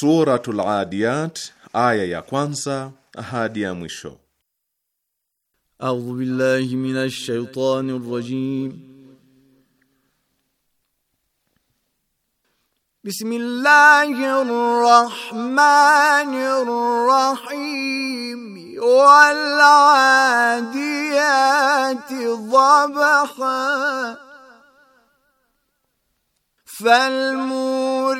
Suratul Adiyat aya ya kwanza hadi ya mwisho. A'udhu billahi minash shaitanir rajim. بسم الله الرحمن الرحيم والعاديات ضبحا فالمو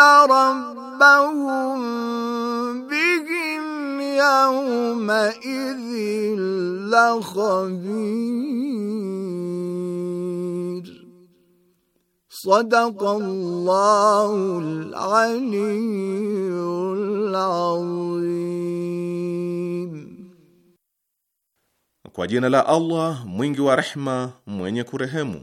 ربهم بهم يومئذ لخبير صدق الله العلي العظيم Kwa jina la Allah mwingi wa rehma mwenye kurehemu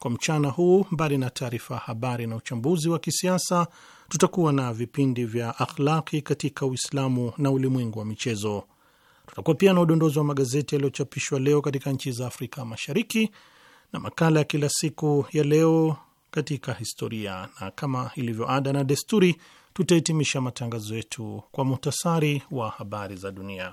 Kwa mchana huu, mbali na taarifa ya habari na uchambuzi wa kisiasa, tutakuwa na vipindi vya akhlaki katika Uislamu na ulimwengu wa michezo. Tutakuwa pia na udondozi wa magazeti yaliyochapishwa leo katika nchi za Afrika Mashariki na makala ya kila siku ya leo katika historia, na kama ilivyo ada na desturi, tutahitimisha matangazo yetu kwa muhtasari wa habari za dunia.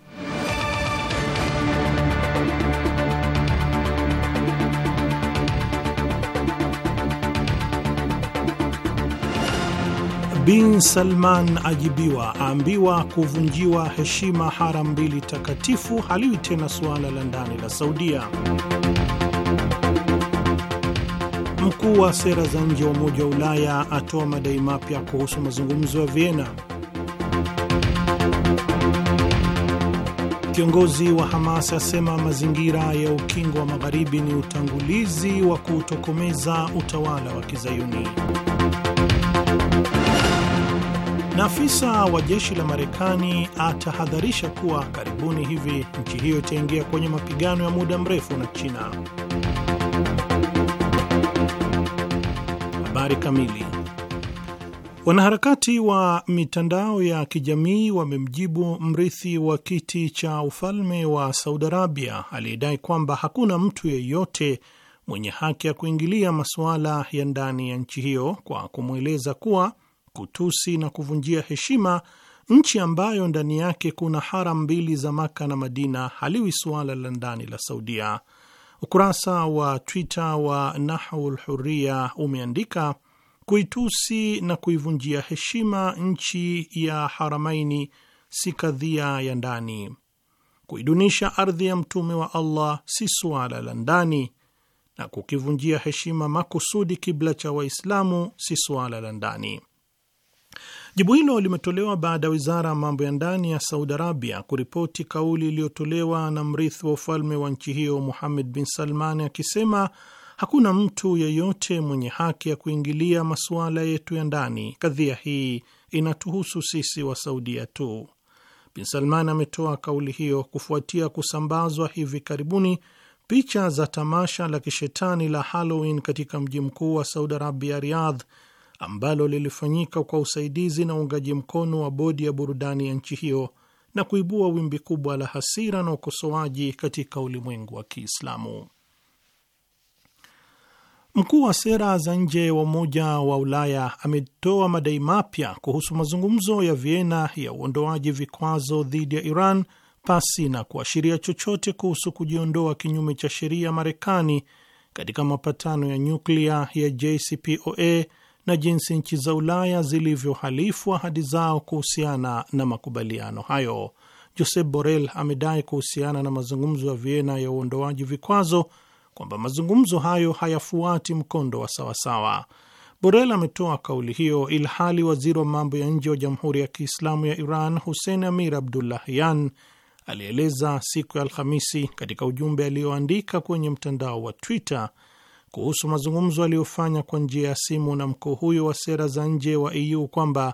bin Salman ajibiwa, aambiwa kuvunjiwa heshima haram mbili takatifu haliwi tena suala la ndani la Saudia. Mkuu wa sera za nje wa Umoja wa Ulaya atoa madai mapya kuhusu mazungumzo ya Vienna. Kiongozi wa Hamas asema mazingira ya ukingo wa magharibi ni utangulizi wa kuutokomeza utawala wa Kizayuni. Na afisa wa jeshi la Marekani atahadharisha kuwa karibuni hivi nchi hiyo itaingia kwenye mapigano ya muda mrefu na China. Habari kamili. Wanaharakati wa mitandao ya kijamii wamemjibu mrithi wa kiti cha ufalme wa Saudi Arabia aliyedai kwamba hakuna mtu yeyote mwenye haki ya kuingilia masuala ya ndani ya nchi hiyo kwa kumweleza kuwa kutusi na kuvunjia heshima nchi ambayo ndani yake kuna haram mbili za Maka na Madina haliwi suala la ndani la Saudia. Ukurasa wa Twitter wa Nahwu Lhuria umeandika kuitusi na kuivunjia heshima nchi ya Haramaini si kadhia ya ndani, kuidunisha ardhi ya Mtume wa Allah si suala la ndani, na kukivunjia heshima makusudi kibla cha Waislamu si suala la ndani. Jibu hilo limetolewa baada ya wizara ya mambo ya ndani ya Saudi Arabia kuripoti kauli iliyotolewa na mrithi wa ufalme wa nchi hiyo Muhammad bin Salman akisema hakuna mtu yeyote mwenye haki ya kuingilia masuala yetu ya ndani, kadhia hii inatuhusu sisi wa Saudia tu. Bin Salman ametoa kauli hiyo kufuatia kusambazwa hivi karibuni picha za tamasha la kishetani la Halloween katika mji mkuu wa Saudi Arabia, Riyadh, ambalo lilifanyika kwa usaidizi na uungaji mkono wa bodi ya burudani ya nchi hiyo na kuibua wimbi kubwa la hasira na ukosoaji katika ulimwengu wa Kiislamu. Mkuu wa sera za nje wa Umoja wa Ulaya ametoa madai mapya kuhusu mazungumzo ya Vienna ya uondoaji vikwazo dhidi ya Iran pasi na kuashiria chochote kuhusu kujiondoa kinyume cha sheria Marekani katika mapatano ya nyuklia ya JCPOA na jinsi nchi za Ulaya zilivyohalifu ahadi zao kuhusiana na makubaliano hayo. Josep Borrell amedai kuhusiana na mazungumzo ya Vienna ya uondoaji vikwazo kwamba mazungumzo hayo hayafuati mkondo wa sawasawa. Borrell ametoa kauli hiyo ilhali waziri wa mambo ya nje wa Jamhuri ya Kiislamu ya Iran Hussein Amir Abdullahian alieleza siku ya Alhamisi katika ujumbe alioandika kwenye mtandao wa Twitter kuhusu mazungumzo aliyofanya kwa njia ya simu na mkuu huyo wa sera za nje wa EU kwamba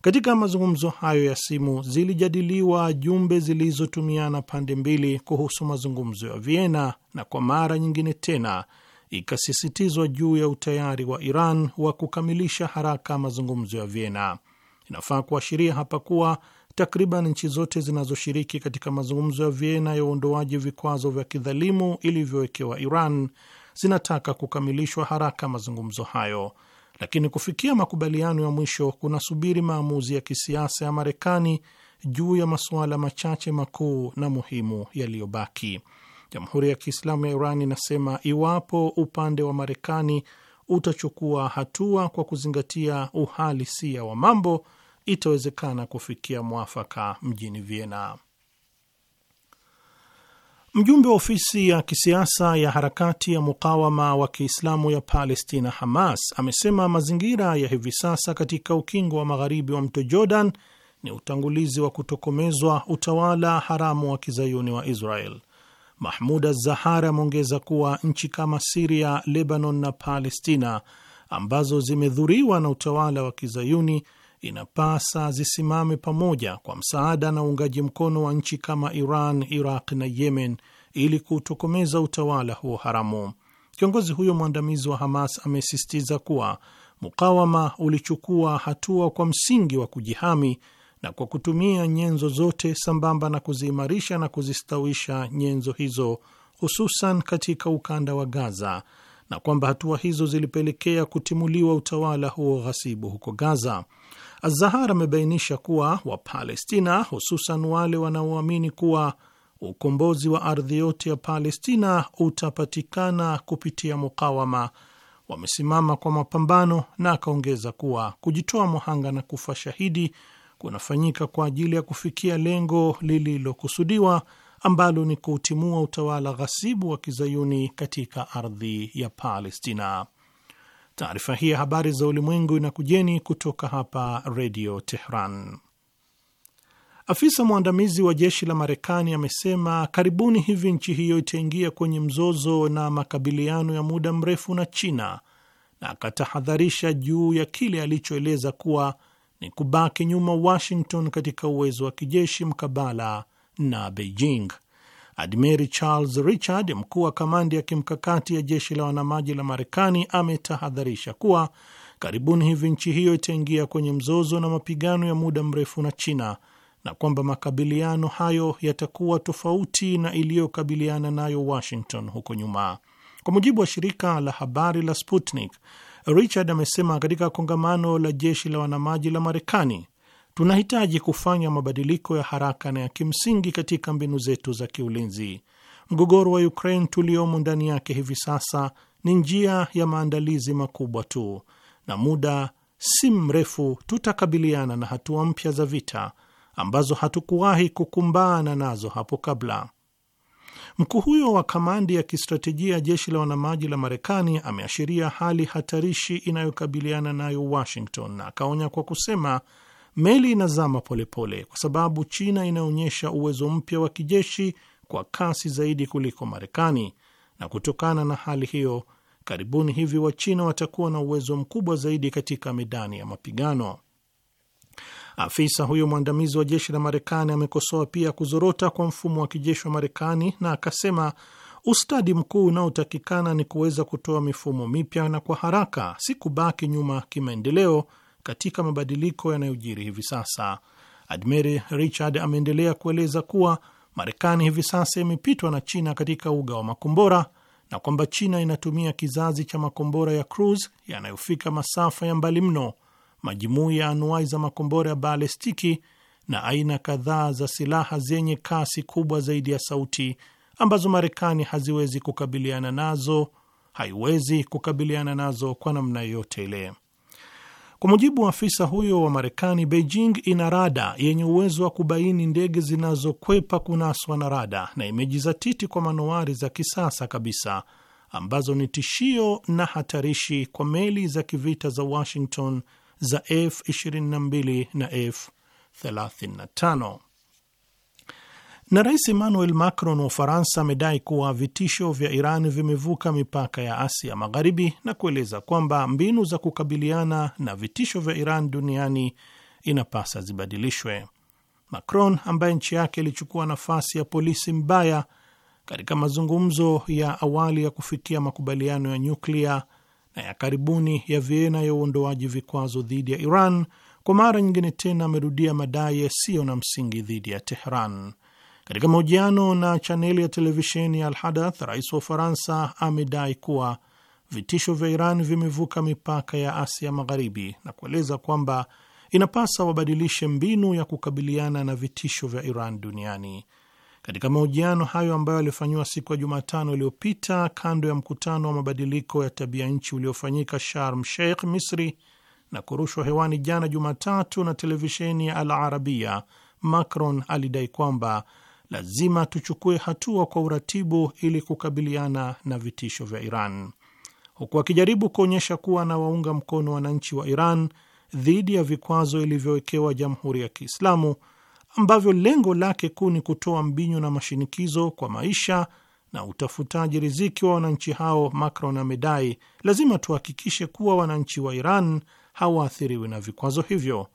katika mazungumzo hayo ya simu zilijadiliwa jumbe zilizotumiana pande mbili kuhusu mazungumzo ya Vienna, na kwa mara nyingine tena ikasisitizwa juu ya utayari wa Iran wa kukamilisha haraka mazungumzo ya Vienna. Inafaa kuashiria hapa kuwa takriban nchi zote zinazoshiriki katika mazungumzo ya Vienna ya uondoaji vikwazo vya kidhalimu ilivyowekewa Iran zinataka kukamilishwa haraka mazungumzo hayo, lakini kufikia makubaliano ya mwisho kunasubiri maamuzi ya kisiasa ya Marekani juu ya masuala machache makuu na muhimu yaliyobaki. Jamhuri ya Kiislamu ya Iran inasema iwapo upande wa Marekani utachukua hatua kwa kuzingatia uhalisia wa mambo, itawezekana kufikia mwafaka mjini Vienna. Mjumbe wa ofisi ya kisiasa ya harakati ya mukawama wa Kiislamu ya Palestina, Hamas, amesema mazingira ya hivi sasa katika ukingo wa magharibi wa mto Jordan ni utangulizi wa kutokomezwa utawala haramu wa kizayuni wa Israel. Mahmud Azahar ameongeza kuwa nchi kama Siria, Lebanon na Palestina ambazo zimedhuriwa na utawala wa kizayuni inapasa zisimame pamoja kwa msaada na uungaji mkono wa nchi kama Iran, Iraq na Yemen ili kuutokomeza utawala huo haramu. Kiongozi huyo mwandamizi wa Hamas amesisitiza kuwa mukawama ulichukua hatua kwa msingi wa kujihami na kwa kutumia nyenzo zote sambamba na kuziimarisha na kuzistawisha nyenzo hizo hususan katika ukanda wa Gaza na kwamba hatua hizo zilipelekea kutimuliwa utawala huo ghasibu huko Gaza. Azahar amebainisha kuwa Wapalestina, hususan wale wanaoamini kuwa ukombozi wa ardhi yote ya Palestina utapatikana kupitia mukawama, wamesimama kwa mapambano, na akaongeza kuwa kujitoa muhanga na kufa shahidi kunafanyika kwa ajili ya kufikia lengo lililokusudiwa ambalo ni kuutimua utawala ghasibu wa kizayuni katika ardhi ya Palestina. Taarifa hii ya habari za ulimwengu inakujeni kutoka hapa Redio Tehran. Afisa mwandamizi wa jeshi la Marekani amesema karibuni hivi nchi hiyo itaingia kwenye mzozo na makabiliano ya muda mrefu na China, na akatahadharisha juu ya kile alichoeleza kuwa ni kubaki nyuma Washington katika uwezo wa kijeshi mkabala na Beijing. Admiri Charles Richard, mkuu wa kamandi ya kimkakati ya jeshi la wanamaji la Marekani, ametahadharisha kuwa karibuni hivi nchi hiyo itaingia kwenye mzozo na mapigano ya muda mrefu na China na kwamba makabiliano hayo yatakuwa tofauti na iliyokabiliana nayo Washington huko nyuma. Kwa mujibu wa shirika la habari la Sputnik, Richard amesema katika kongamano la jeshi la wanamaji la Marekani tunahitaji kufanya mabadiliko ya haraka na ya kimsingi katika mbinu zetu za kiulinzi. Mgogoro wa Ukraine tuliomo ndani yake hivi sasa ni njia ya maandalizi makubwa tu, na muda si mrefu tutakabiliana na hatua mpya za vita ambazo hatukuwahi kukumbana nazo hapo kabla. Mkuu huyo wa kamandi ya kistratejia ya jeshi la wanamaji la Marekani ameashiria hali hatarishi inayokabiliana nayo Washington na akaonya kwa kusema Meli inazama polepole kwa sababu China inaonyesha uwezo mpya wa kijeshi kwa kasi zaidi kuliko Marekani, na kutokana na hali hiyo, karibuni hivi Wachina watakuwa na uwezo mkubwa zaidi katika medani ya mapigano. Afisa huyo mwandamizi wa jeshi la Marekani amekosoa pia kuzorota kwa mfumo wa kijeshi wa Marekani na akasema ustadi mkuu unaotakikana ni kuweza kutoa mifumo mipya na kwa haraka, si kubaki nyuma kimaendeleo katika mabadiliko yanayojiri hivi sasa. Admiri Richard ameendelea kueleza kuwa Marekani hivi sasa imepitwa na China katika uga wa makombora na kwamba China inatumia kizazi cha makombora ya cruise yanayofika masafa ya mbali mno, majumui ya anuai za makombora ya balestiki na aina kadhaa za silaha zenye kasi kubwa zaidi ya sauti ambazo Marekani haziwezi kukabiliana nazo, haiwezi kukabiliana nazo kwa namna yoyote ile. Kwa mujibu wa afisa huyo wa Marekani, Beijing ina rada yenye uwezo wa kubaini ndege zinazokwepa kunaswa na rada na imejizatiti kwa manowari za kisasa kabisa ambazo ni tishio na hatarishi kwa meli za kivita za Washington za F22 na F35. Na Rais Emmanuel Macron wa Ufaransa amedai kuwa vitisho vya Iran vimevuka mipaka ya Asia Magharibi na kueleza kwamba mbinu za kukabiliana na vitisho vya Iran duniani inapasa zibadilishwe. Macron ambaye nchi yake ilichukua nafasi ya polisi mbaya katika mazungumzo ya awali ya kufikia makubaliano ya nyuklia na ya karibuni ya Vienna ya uondoaji vikwazo dhidi ya Iran, kwa mara nyingine tena amerudia madai yasiyo na msingi dhidi ya Tehran. Katika mahojiano na chaneli ya televisheni ya Alhadath, rais wa Ufaransa amedai kuwa vitisho vya Iran vimevuka mipaka ya Asia Magharibi na kueleza kwamba inapasa wabadilishe mbinu ya kukabiliana na vitisho vya Iran duniani. Katika mahojiano hayo ambayo alifanyiwa siku ya Jumatano iliyopita kando ya mkutano wa mabadiliko ya tabia nchi uliofanyika Sharm Sheikh, Misri, na kurushwa hewani jana Jumatatu na televisheni ya Al Arabia, Macron alidai kwamba lazima tuchukue hatua kwa uratibu ili kukabiliana na vitisho vya Iran, huku akijaribu kuonyesha kuwa anawaunga mkono wananchi wa Iran dhidi ya vikwazo ilivyowekewa Jamhuri ya Kiislamu ambavyo lengo lake kuu ni kutoa mbinyo na mashinikizo kwa maisha na utafutaji riziki wa wananchi hao. Macron amedai lazima tuhakikishe kuwa wananchi wa Iran hawaathiriwi na vikwazo hivyo.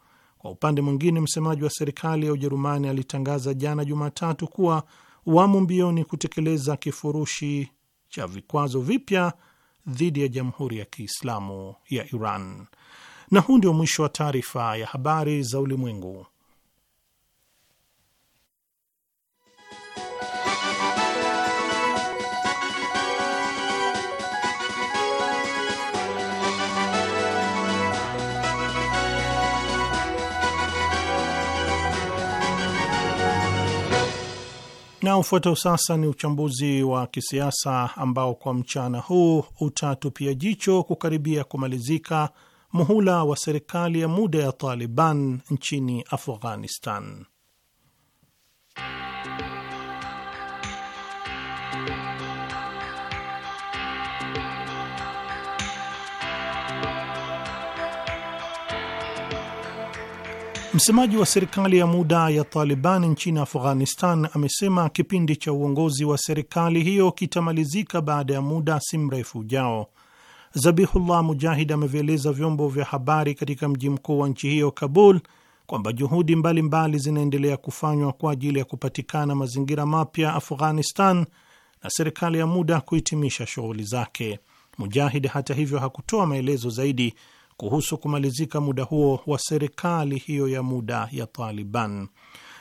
Kwa upande mwingine, msemaji wa serikali ya Ujerumani alitangaza jana Jumatatu kuwa wamo mbioni kutekeleza kifurushi cha vikwazo vipya dhidi ya Jamhuri ya Kiislamu ya Iran. Na huu ndio mwisho wa taarifa ya habari za ulimwengu. Na ufuatao sasa ni uchambuzi wa kisiasa ambao kwa mchana huu utatupia jicho kukaribia kumalizika muhula wa serikali ya muda ya Taliban nchini Afghanistan. Msemaji wa serikali ya muda ya Taliban nchini Afghanistan amesema kipindi cha uongozi wa serikali hiyo kitamalizika baada ya muda si mrefu ujao. Zabihullah Mujahid amevieleza vyombo vya habari katika mji mkuu wa nchi hiyo Kabul kwamba juhudi mbalimbali mbali zinaendelea kufanywa kwa ajili ya kupatikana mazingira mapya Afghanistan na serikali ya muda kuhitimisha shughuli zake. Mujahid hata hivyo hakutoa maelezo zaidi kuhusu kumalizika muda huo wa serikali hiyo ya muda ya Taliban.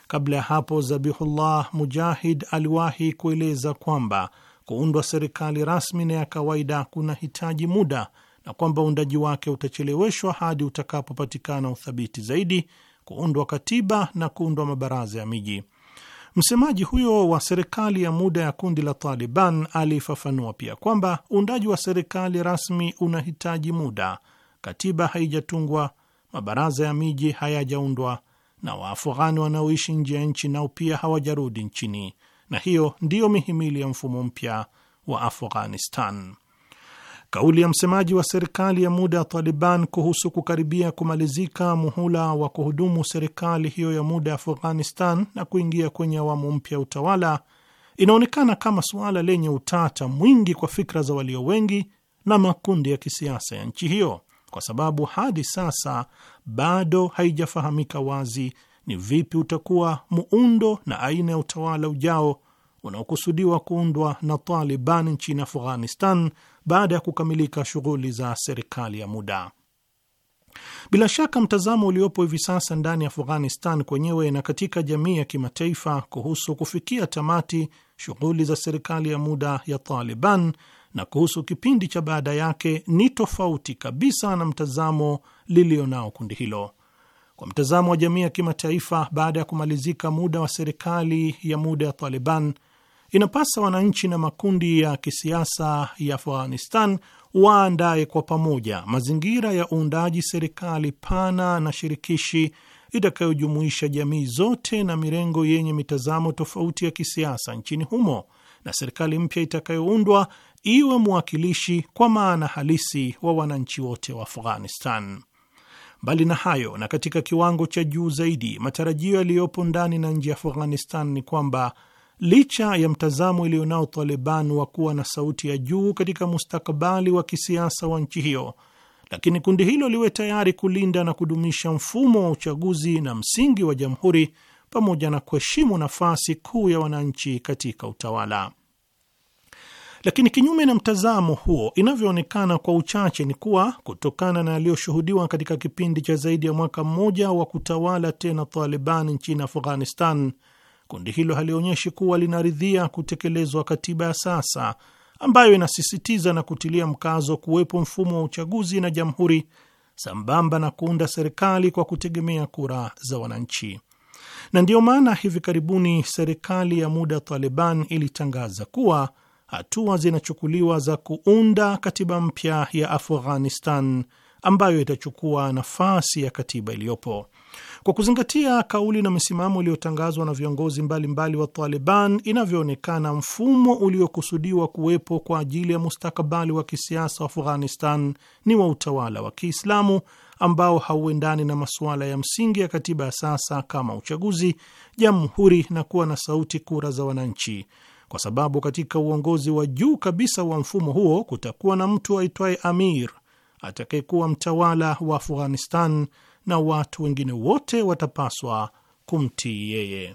Kabla ya hapo, Zabihullah Mujahid aliwahi kueleza kwamba kuundwa serikali rasmi na ya kawaida kunahitaji muda na kwamba uundaji wake utacheleweshwa hadi utakapopatikana uthabiti zaidi, kuundwa katiba na kuundwa mabaraza ya miji. Msemaji huyo wa serikali ya muda ya kundi la Taliban alifafanua pia kwamba uundaji wa serikali rasmi unahitaji muda katiba haijatungwa, mabaraza ya miji hayajaundwa, na Waafghani wanaoishi nje ya nchi nao pia hawajarudi nchini, na hiyo ndiyo mihimili ya mfumo mpya wa Afghanistan. Kauli ya msemaji wa serikali ya muda ya Taliban kuhusu kukaribia kumalizika muhula wa kuhudumu serikali hiyo ya muda ya Afghanistan na kuingia kwenye awamu mpya ya utawala inaonekana kama suala lenye utata mwingi kwa fikra za walio wengi na makundi ya kisiasa ya nchi hiyo kwa sababu hadi sasa bado haijafahamika wazi ni vipi utakuwa muundo na aina ya utawala ujao unaokusudiwa kuundwa na Taliban nchini Afghanistan baada ya kukamilika shughuli za serikali ya muda. Bila shaka mtazamo uliopo hivi sasa ndani ya Afghanistan kwenyewe na katika jamii ya kimataifa kuhusu kufikia tamati shughuli za serikali ya muda ya Taliban na kuhusu kipindi cha baada yake ni tofauti kabisa na mtazamo lilio nao kundi hilo. Kwa mtazamo wa jamii ya kimataifa, baada ya kumalizika muda wa serikali ya muda ya Taliban, inapasa wananchi na makundi ya kisiasa ya Afghanistan waandaye kwa pamoja mazingira ya uundaji serikali pana na shirikishi itakayojumuisha jamii zote na mirengo yenye mitazamo tofauti ya kisiasa nchini humo, na serikali mpya itakayoundwa iwe mwakilishi kwa maana halisi wa wananchi wote wa Afghanistan. Mbali na hayo, na katika kiwango cha juu zaidi, matarajio yaliyopo ndani na nje ya Afghanistan ni kwamba licha ya mtazamo iliyonao Taliban wa kuwa na sauti ya juu katika mustakabali wa kisiasa wa nchi hiyo, lakini kundi hilo liwe tayari kulinda na kudumisha mfumo wa uchaguzi na msingi wa jamhuri pamoja na kuheshimu nafasi kuu ya wananchi katika utawala. Lakini kinyume na mtazamo huo, inavyoonekana kwa uchache ni kuwa kutokana na aliyoshuhudiwa katika kipindi cha zaidi ya mwaka mmoja wa kutawala tena Taliban nchini Afghanistan, kundi hilo halionyeshi kuwa linaridhia kutekelezwa katiba ya sasa ambayo inasisitiza na kutilia mkazo kuwepo mfumo wa uchaguzi na jamhuri sambamba na kuunda serikali kwa kutegemea kura za wananchi. Na ndiyo maana hivi karibuni serikali ya muda Taliban ilitangaza kuwa hatua zinachukuliwa za kuunda katiba mpya ya Afghanistan ambayo itachukua nafasi ya katiba iliyopo. Kwa kuzingatia kauli na misimamo iliyotangazwa na viongozi mbalimbali mbali wa Taliban, inavyoonekana mfumo uliokusudiwa kuwepo kwa ajili ya mustakabali wa kisiasa wa Afghanistan ni wa utawala wa Kiislamu ambao hauendani na masuala ya msingi ya katiba ya sasa kama uchaguzi, jamhuri na kuwa na sauti kura za wananchi, kwa sababu katika uongozi wa juu kabisa wa mfumo huo kutakuwa na mtu aitwaye amir atakayekuwa mtawala wa Afghanistan na watu wengine wote watapaswa kumtii yeye.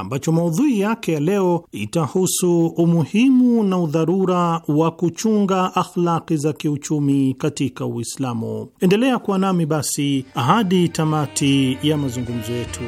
ambacho maudhui yake ya leo itahusu umuhimu na udharura wa kuchunga akhlaki za kiuchumi katika Uislamu. Endelea kuwa nami basi hadi tamati ya mazungumzo yetu.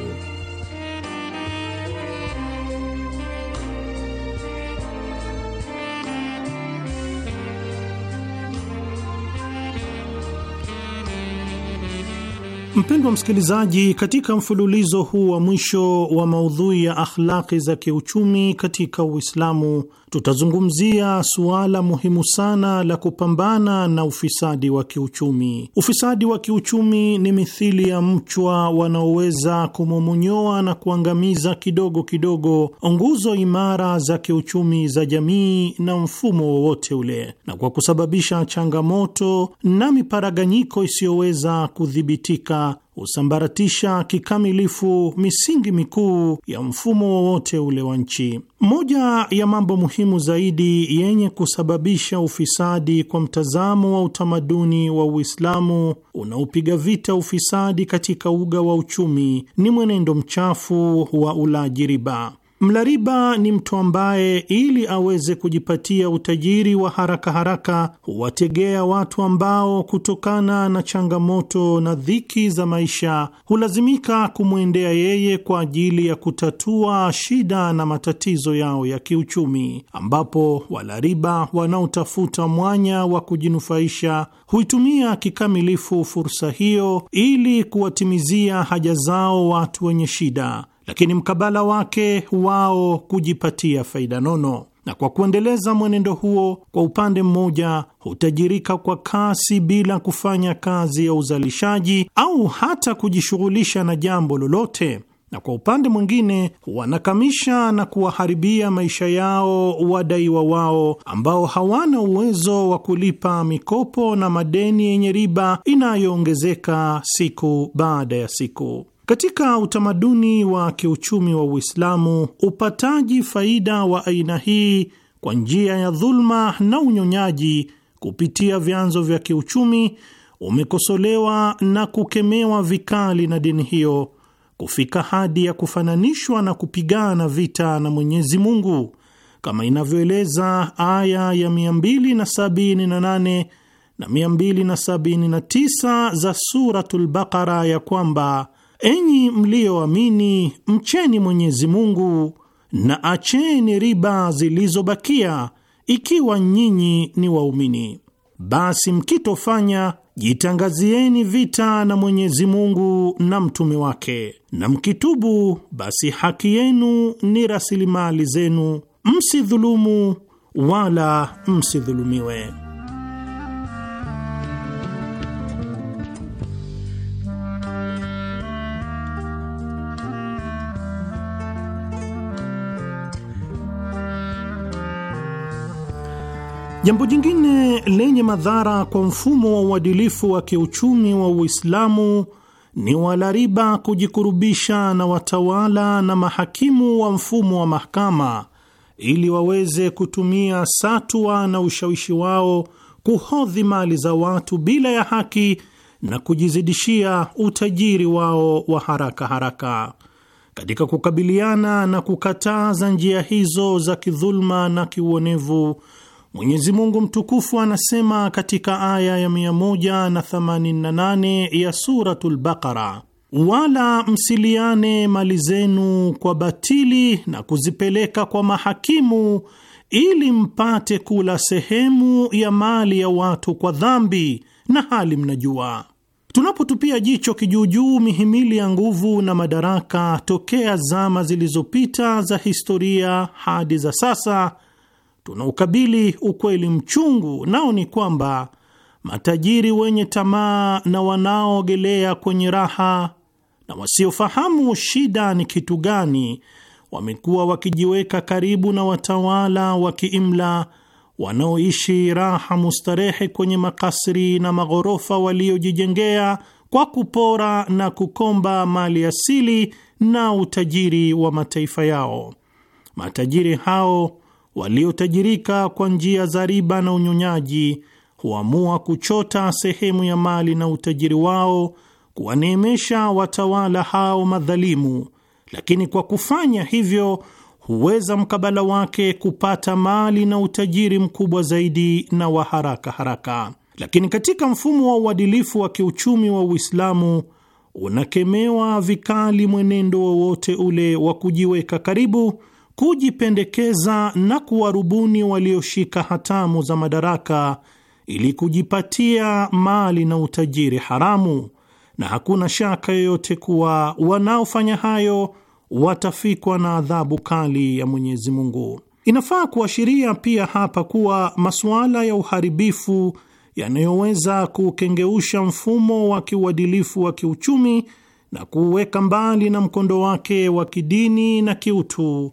Mpendwa msikilizaji, katika mfululizo huu wa mwisho wa maudhui ya akhlaqi za kiuchumi katika Uislamu tutazungumzia suala muhimu sana la kupambana na ufisadi wa kiuchumi. Ufisadi wa kiuchumi ni mithili ya mchwa wanaoweza kumomonyoa na kuangamiza kidogo kidogo nguzo imara za kiuchumi za jamii na mfumo wowote ule, na kwa kusababisha changamoto na miparaganyiko isiyoweza kudhibitika husambaratisha kikamilifu misingi mikuu ya mfumo wowote ule wa nchi. Moja ya mambo muhimu zaidi yenye kusababisha ufisadi kwa mtazamo wa utamaduni wa Uislamu unaopiga vita ufisadi katika uga wa uchumi ni mwenendo mchafu wa ulaji riba mlariba ni mtu ambaye ili aweze kujipatia utajiri wa haraka haraka huwategea watu ambao kutokana na changamoto na dhiki za maisha hulazimika kumwendea yeye kwa ajili ya kutatua shida na matatizo yao ya kiuchumi, ambapo walariba wanaotafuta mwanya wa kujinufaisha huitumia kikamilifu fursa hiyo ili kuwatimizia haja zao watu wenye shida lakini mkabala wake wao kujipatia faida nono, na kwa kuendeleza mwenendo huo, kwa upande mmoja hutajirika kwa kasi bila kufanya kazi ya uzalishaji au hata kujishughulisha na jambo lolote, na kwa upande mwingine huwanakamisha na kuwaharibia maisha yao wadaiwa wao ambao hawana uwezo wa kulipa mikopo na madeni yenye riba inayoongezeka siku baada ya siku. Katika utamaduni wa kiuchumi wa Uislamu, upataji faida wa aina hii kwa njia ya dhulma na unyonyaji kupitia vyanzo vya kiuchumi umekosolewa na kukemewa vikali na dini hiyo kufika hadi ya kufananishwa na kupigana vita na Mwenyezi Mungu kama inavyoeleza aya ya 278 na 279 za Suratul Baqara ya kwamba Enyi mliyoamini, mcheni Mwenyezi Mungu na acheni riba zilizobakia, ikiwa nyinyi ni waumini. Basi mkitofanya, jitangazieni vita na Mwenyezi Mungu na mtume wake, na mkitubu, basi haki yenu ni rasilimali zenu, msidhulumu wala msidhulumiwe. Jambo jingine lenye madhara kwa mfumo wa uadilifu wa kiuchumi wa Uislamu ni walariba kujikurubisha na watawala na mahakimu wa mfumo wa mahakama ili waweze kutumia satwa na ushawishi wao kuhodhi mali za watu bila ya haki na kujizidishia utajiri wao wa haraka haraka. Katika kukabiliana na kukataza njia hizo za kidhuluma na kiuonevu Mwenyezi Mungu mtukufu anasema katika aya ya 188 ya Suratul Baqara, wala msiliane mali zenu kwa batili na kuzipeleka kwa mahakimu ili mpate kula sehemu ya mali ya watu kwa dhambi na hali mnajua. Tunapotupia jicho kijuujuu mihimili ya nguvu na madaraka tokea zama zilizopita za historia hadi za sasa tunaukabili ukweli mchungu, nao ni kwamba matajiri wenye tamaa na wanaoogelea kwenye raha na wasiofahamu shida ni kitu gani, wamekuwa wakijiweka karibu na watawala wa kiimla wanaoishi raha mustarehe kwenye makasri na maghorofa waliojijengea kwa kupora na kukomba mali asili na utajiri wa mataifa yao. Matajiri hao waliotajirika kwa njia za riba na unyonyaji huamua kuchota sehemu ya mali na utajiri wao kuwaneemesha watawala hao madhalimu, lakini kwa kufanya hivyo huweza mkabala wake kupata mali na utajiri mkubwa zaidi na wa haraka haraka. Lakini katika mfumo wa uadilifu wa kiuchumi wa Uislamu unakemewa vikali mwenendo wowote ule wa kujiweka karibu kujipendekeza na kuwarubuni walioshika hatamu za madaraka ili kujipatia mali na utajiri haramu, na hakuna shaka yoyote kuwa wanaofanya hayo watafikwa na adhabu kali ya Mwenyezi Mungu. Inafaa kuashiria pia hapa kuwa masuala ya uharibifu yanayoweza kukengeusha mfumo wa kiuadilifu wa kiuchumi na kuuweka mbali na mkondo wake wa kidini na kiutu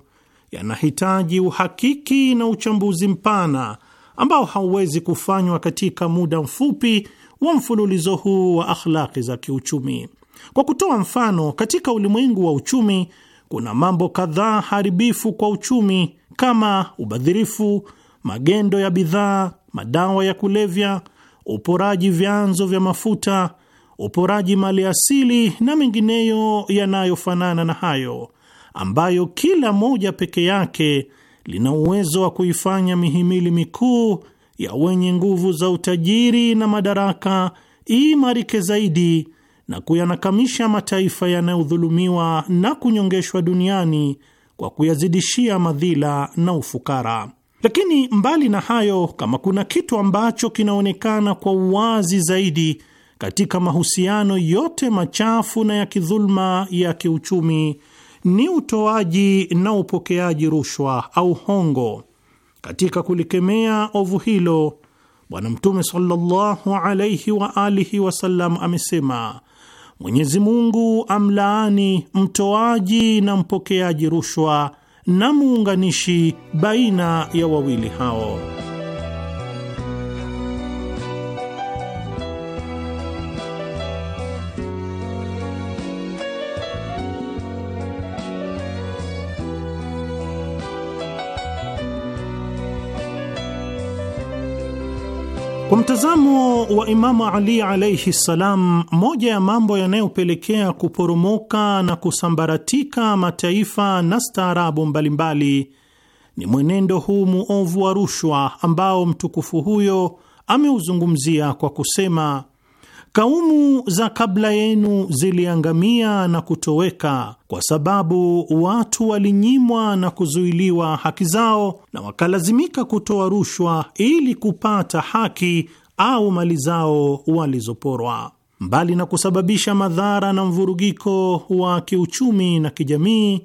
yanahitaji uhakiki na uchambuzi mpana ambao hauwezi kufanywa katika muda mfupi wa mfululizo huu wa akhlaki za kiuchumi. Kwa kutoa mfano, katika ulimwengu wa uchumi kuna mambo kadhaa haribifu kwa uchumi kama ubadhirifu, magendo ya bidhaa, madawa ya kulevya, uporaji vyanzo vya mafuta, uporaji mali asili na mengineyo yanayofanana na hayo ambayo kila moja peke yake lina uwezo wa kuifanya mihimili mikuu ya wenye nguvu za utajiri na madaraka iimarike zaidi na kuyanakamisha mataifa yanayodhulumiwa na kunyongeshwa duniani kwa kuyazidishia madhila na ufukara. Lakini mbali na hayo, kama kuna kitu ambacho kinaonekana kwa uwazi zaidi katika mahusiano yote machafu na ya kidhuluma ya kiuchumi ni utoaji na upokeaji rushwa au hongo. Katika kulikemea ovu hilo, Bwana Mtume sallallahu alaihi wa alihi wasallam amesema, Mwenyezi Mungu amlaani mtoaji na mpokeaji rushwa na muunganishi baina ya wawili hao. Kwa mtazamo wa Imamu Ali alaihi ssalam, moja ya mambo yanayopelekea kuporomoka na kusambaratika mataifa na staarabu mbalimbali ni mwenendo huu muovu wa rushwa ambao mtukufu huyo ameuzungumzia kwa kusema Kaumu za kabla yenu ziliangamia na kutoweka kwa sababu watu walinyimwa na kuzuiliwa haki zao na wakalazimika kutoa rushwa ili kupata haki au mali zao walizoporwa. Mbali na kusababisha madhara na mvurugiko wa kiuchumi na kijamii,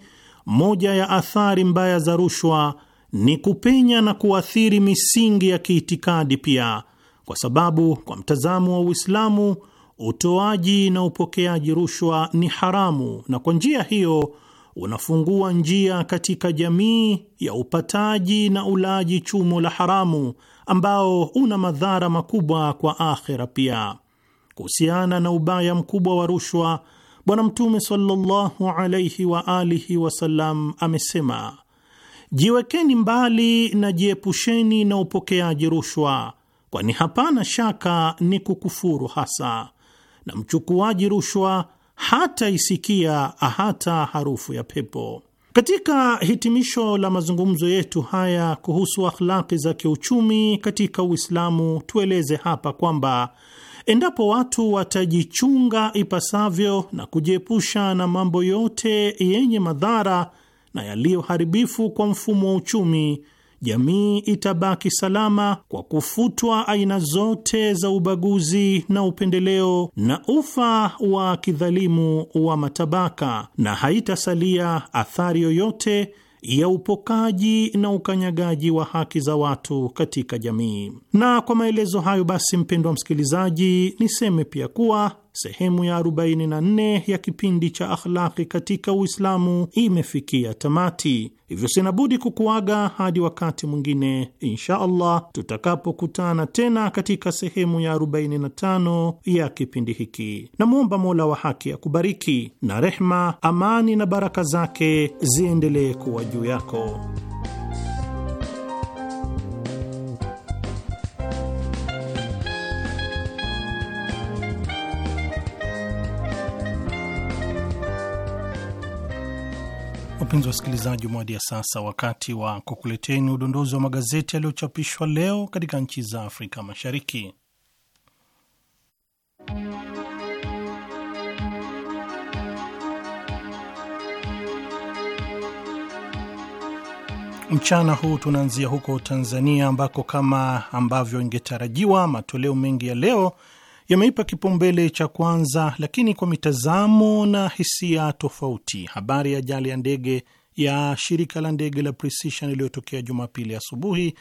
moja ya athari mbaya za rushwa ni kupenya na kuathiri misingi ya kiitikadi pia kwa sababu kwa mtazamo wa Uislamu utoaji na upokeaji rushwa ni haramu, na kwa njia hiyo unafungua njia katika jamii ya upataji na ulaji chumo la haramu ambao una madhara makubwa kwa akhera pia. Kuhusiana na ubaya mkubwa wa rushwa, Bwana Mtume sallallahu alaihi wa alihi wasallam amesema, jiwekeni mbali na jiepusheni na upokeaji rushwa kwani hapana shaka ni kukufuru hasa, na mchukuaji rushwa hata isikia hata harufu ya pepo. Katika hitimisho la mazungumzo yetu haya kuhusu akhlaki za kiuchumi katika Uislamu, tueleze hapa kwamba endapo watu watajichunga ipasavyo na kujiepusha na mambo yote yenye madhara na yaliyoharibifu kwa mfumo wa uchumi jamii itabaki salama kwa kufutwa aina zote za ubaguzi na upendeleo na ufa wa kidhalimu wa matabaka, na haitasalia athari yoyote ya upokaji na ukanyagaji wa haki za watu katika jamii. Na kwa maelezo hayo basi, mpendwa msikilizaji, niseme pia kuwa sehemu ya 44 ya kipindi cha Akhlaqi katika Uislamu imefikia tamati, hivyo sinabudi kukuaga hadi wakati mwingine insha Allah tutakapokutana tena katika sehemu ya 45 ya kipindi hiki. Namwomba Mola wa haki akubariki na rehma, amani na baraka zake ziendelee kuwa juu yako. wapenzi wasikilizaji, umewadia sasa wakati wa kukuleteni udondozi wa magazeti yaliyochapishwa leo katika nchi za Afrika Mashariki. Mchana huu tunaanzia huko Tanzania ambako kama ambavyo ingetarajiwa matoleo mengi ya leo yameipa kipaumbele cha kwanza, lakini kwa mitazamo na hisia tofauti, habari ya ajali ya ndege ya shirika la ndege la Precision iliyotokea Jumapili asubuhi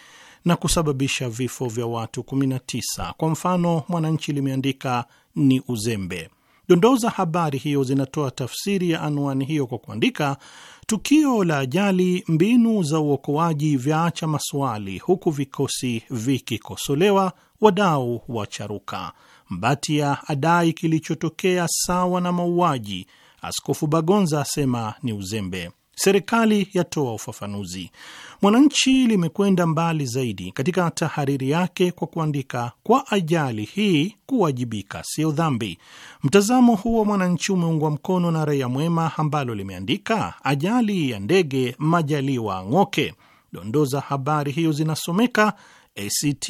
na kusababisha vifo vya watu 19. Kwa mfano, Mwananchi limeandika ni uzembe. Dondoo za habari hiyo zinatoa tafsiri ya anwani hiyo kwa kuandika, tukio la ajali, mbinu za uokoaji vyaacha maswali, huku vikosi vikikosolewa, wadau wacharuka. Mbatia adai kilichotokea sawa na mauaji. Askofu Bagonza asema ni uzembe. Serikali yatoa ufafanuzi. Mwananchi limekwenda mbali zaidi katika tahariri yake kwa kuandika, kwa ajali hii kuwajibika sio dhambi. Mtazamo huo Mwananchi umeungwa mkono na Raia Mwema ambalo limeandika, ajali ya ndege Majaliwa ngoke Dondoo za habari hiyo zinasomeka, ACT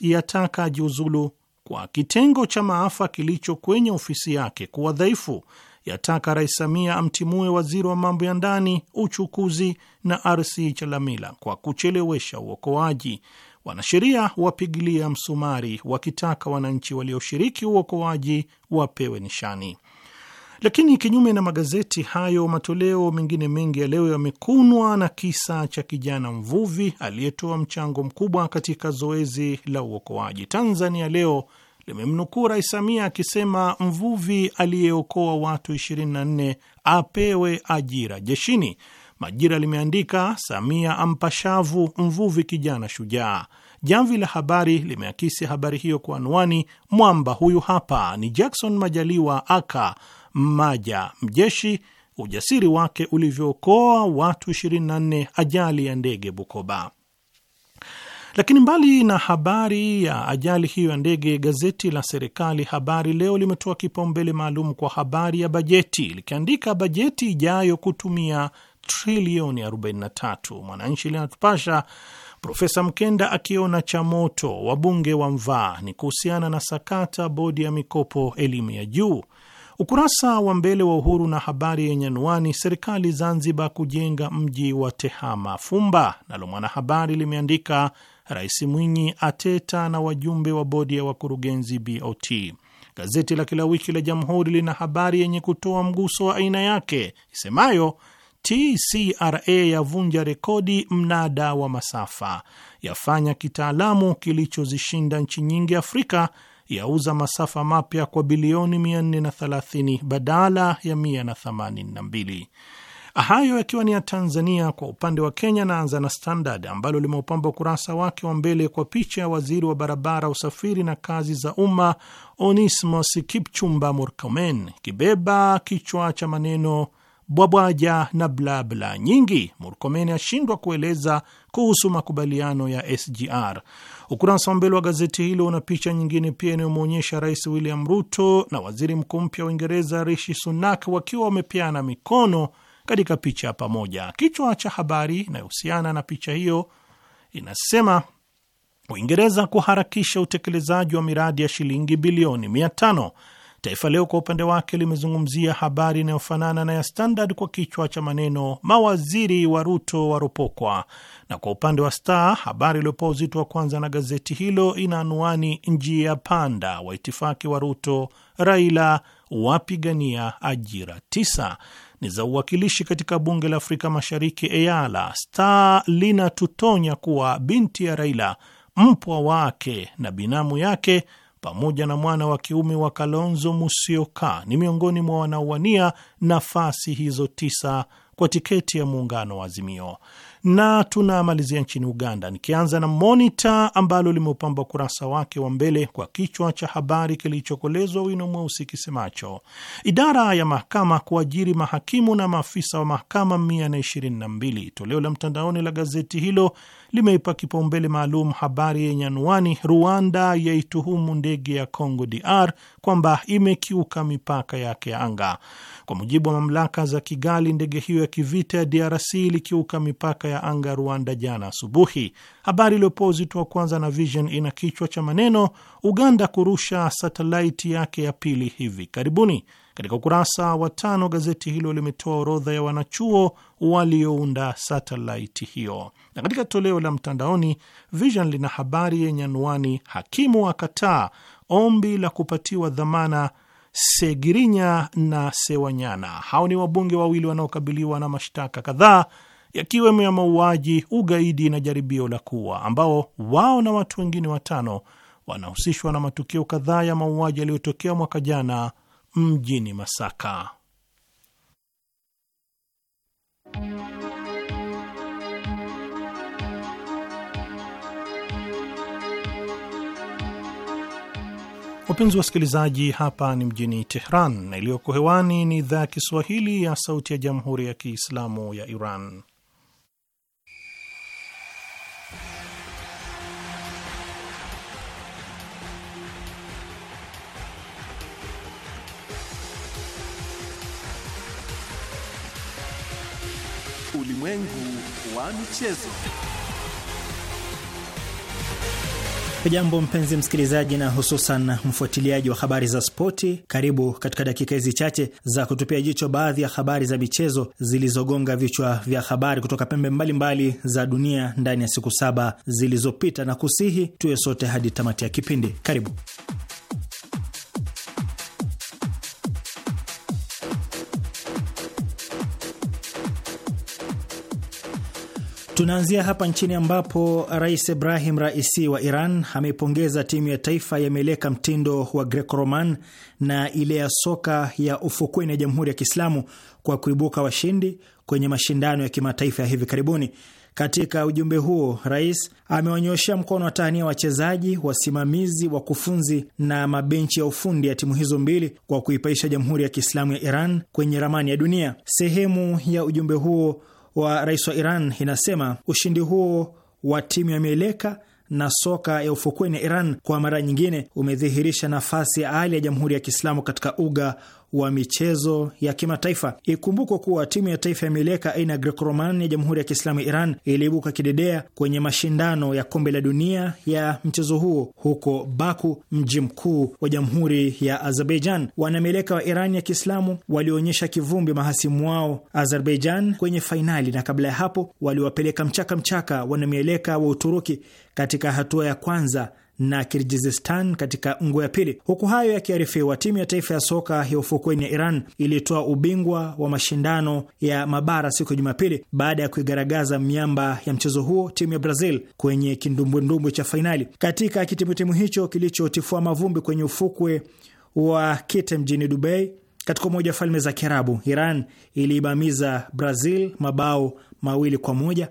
yataka jiuzulu kwa kitengo cha maafa kilicho kwenye ofisi yake kuwa dhaifu, yataka Rais Samia amtimue waziri wa mambo ya ndani, uchukuzi na RC Chalamila kwa kuchelewesha uokoaji. Wanasheria wapigilia msumari wakitaka wananchi walioshiriki uokoaji wapewe nishani. Lakini kinyume na magazeti hayo, matoleo mengine mengi ya leo yamekunwa na kisa cha kijana mvuvi aliyetoa mchango mkubwa katika zoezi la uokoaji. Tanzania Leo limemnukuu Rais Samia akisema mvuvi aliyeokoa watu 24 apewe ajira jeshini. Majira limeandika Samia ampa shavu mvuvi kijana shujaa. Jamvi la Habari limeakisi habari hiyo kwa anwani mwamba huyu hapa ni Jackson Majaliwa aka Maja mjeshi, ujasiri wake ulivyookoa watu 24 ajali ya ndege Bukoba. Lakini mbali na habari ya ajali hiyo ya ndege, gazeti la serikali Habari Leo limetoa kipaumbele maalum kwa habari ya bajeti, likiandika bajeti ijayo kutumia trilioni 43. Mwananchi linatupasha Profesa Mkenda akiona cha moto, wabunge wa mvaa ni kuhusiana na sakata bodi ya mikopo elimu ya juu. Ukurasa wa mbele wa Uhuru na habari yenye anwani serikali Zanzibar kujenga mji wa tehama Fumba, nalo Mwanahabari limeandika Rais Mwinyi ateta na wajumbe wa bodi ya wakurugenzi BOT. Gazeti la kila wiki la Jamhuri lina habari yenye kutoa mguso wa aina yake isemayo TCRA yavunja rekodi mnada wa masafa, yafanya kitaalamu kilichozishinda nchi nyingi Afrika yauza masafa mapya kwa bilioni 430 badala ya 182. Hayo yakiwa ni ya Tanzania. Kwa upande wa Kenya, naanza na Standard ambalo limeupamba ukurasa wake wa mbele kwa picha ya waziri wa barabara, usafiri na kazi za umma Onesmus Kipchumba Murkomen kibeba kichwa cha maneno bwabwaja na blabla nyingi. Murkomen ashindwa kueleza kuhusu makubaliano ya SGR. Ukurasa wa mbele wa gazeti hilo una picha nyingine pia inayomwonyesha Rais William Ruto na waziri mkuu mpya wa Uingereza Rishi Sunak wakiwa wamepeana mikono katika picha ya pamoja. Kichwa cha habari inayohusiana na picha hiyo inasema Uingereza kuharakisha utekelezaji wa miradi ya shilingi bilioni mia tano. Taifa Leo kwa upande wake limezungumzia habari inayofanana na ya Standard kwa kichwa cha maneno mawaziri wa Ruto waropokwa, na kwa upande wa Star habari iliyopewa uzito wa kwanza na gazeti hilo ina anuani njia panda, waitifaki wa Ruto Raila wapigania ajira tisa ni za uwakilishi katika bunge la Afrika Mashariki EALA. Star linatutonya kuwa binti ya Raila, mpwa wake na binamu yake pamoja na mwana wa kiume wa Kalonzo Musyoka ni miongoni mwa wanaowania nafasi hizo tisa kwa tiketi ya muungano wa Azimio na tunamalizia nchini Uganda, nikianza na Monita ambalo limeupamba ukurasa wake wa mbele kwa kichwa cha habari kilichokolezwa wino mweusi kisemacho idara ya mahakama kuajiri mahakimu na maafisa wa mahakama 122. Toleo la mtandaoni la gazeti hilo limeipa kipaumbele maalum habari yenye anwani Rwanda yaituhumu ndege ya Congo DR kwamba imekiuka mipaka yake ya anga. Kwa mujibu wa mamlaka za Kigali, ndege hiyo ya kivita ya DRC ilikiuka mipaka ya anga Rwanda jana asubuhi. Habari iliyopoa uzito wa kwanza na Vision ina kichwa cha maneno Uganda kurusha satelaiti yake ya pili hivi karibuni. Katika ukurasa wa tano gazeti hilo limetoa orodha ya wanachuo waliounda satelaiti hiyo, na katika toleo la mtandaoni Vision lina habari yenye anwani hakimu akataa ombi la kupatiwa dhamana Segirinya na Sewanyana. Hao ni wabunge wawili wanaokabiliwa na mashtaka kadhaa yakiwemo ya mauaji, ugaidi na jaribio la kuua, ambao wao na watu wengine watano wanahusishwa na matukio kadhaa ya mauaji yaliyotokea mwaka jana mjini Masaka. Wapenzi wa wasikilizaji, hapa ni mjini Tehran na iliyoko hewani ni idhaa ya Kiswahili ya Sauti ya Jamhuri ya Kiislamu ya Iran. Ulimwengu wa michezo. Jambo mpenzi msikilizaji, na hususan mfuatiliaji wa habari za spoti. Karibu katika dakika hizi chache za kutupia jicho baadhi ya habari za michezo zilizogonga vichwa vya habari kutoka pembe mbalimbali mbali za dunia ndani ya siku saba zilizopita, na kusihi tuwe sote hadi tamati ya kipindi. Karibu. Tunaanzia hapa nchini ambapo Rais Ibrahim Raisi wa Iran ameipongeza timu ya taifa ya mieleka mtindo wa Greco-Roman na ile ya soka ya ufukweni ya Jamhuri ya Kiislamu kwa kuibuka washindi kwenye mashindano ya kimataifa ya hivi karibuni. Katika ujumbe huo, rais amewanyoshea mkono wa tahania wachezaji, wasimamizi, wakufunzi na mabenchi ya ufundi ya timu hizo mbili kwa kuipaisha Jamhuri ya Kiislamu ya Iran kwenye ramani ya dunia. Sehemu ya ujumbe huo wa rais wa Iran inasema ushindi huo wa timu ya mieleka na soka ya ufukweni ya Iran kwa mara nyingine umedhihirisha nafasi ya ali ya Jamhuri ya Kiislamu katika uga wa michezo ya kimataifa. Ikumbukwe kuwa timu ya taifa ya mieleka aina ya Greco-Roman ya Jamhuri ya Kiislamu ya Iran iliibuka kidedea kwenye mashindano ya kombe la dunia ya mchezo huo huko Baku, mji mkuu wa Jamhuri ya Azerbaijan. Wanamieleka wa Iran ya Kiislamu walionyesha kivumbi mahasimu wao Azerbaijan kwenye fainali, na kabla ya hapo waliwapeleka mchaka mchaka wanamieleka wa Uturuki katika hatua ya kwanza na Kirgizistan katika mgo ya pili. Huku hayo yakiarifiwa, timu ya taifa ya soka ya ufukweni ya Iran ilitoa ubingwa wa mashindano ya mabara siku ya Jumapili baada ya kuigaragaza miamba ya mchezo huo timu ya Brazil kwenye kindumbwendumbwe cha fainali. Katika kitimutimu hicho kilichotifua mavumbi kwenye ufukwe wa Kite mjini Dubai katika Umoja wa Falme za Kiarabu, Iran iliibamiza Brazil mabao mawili kwa moja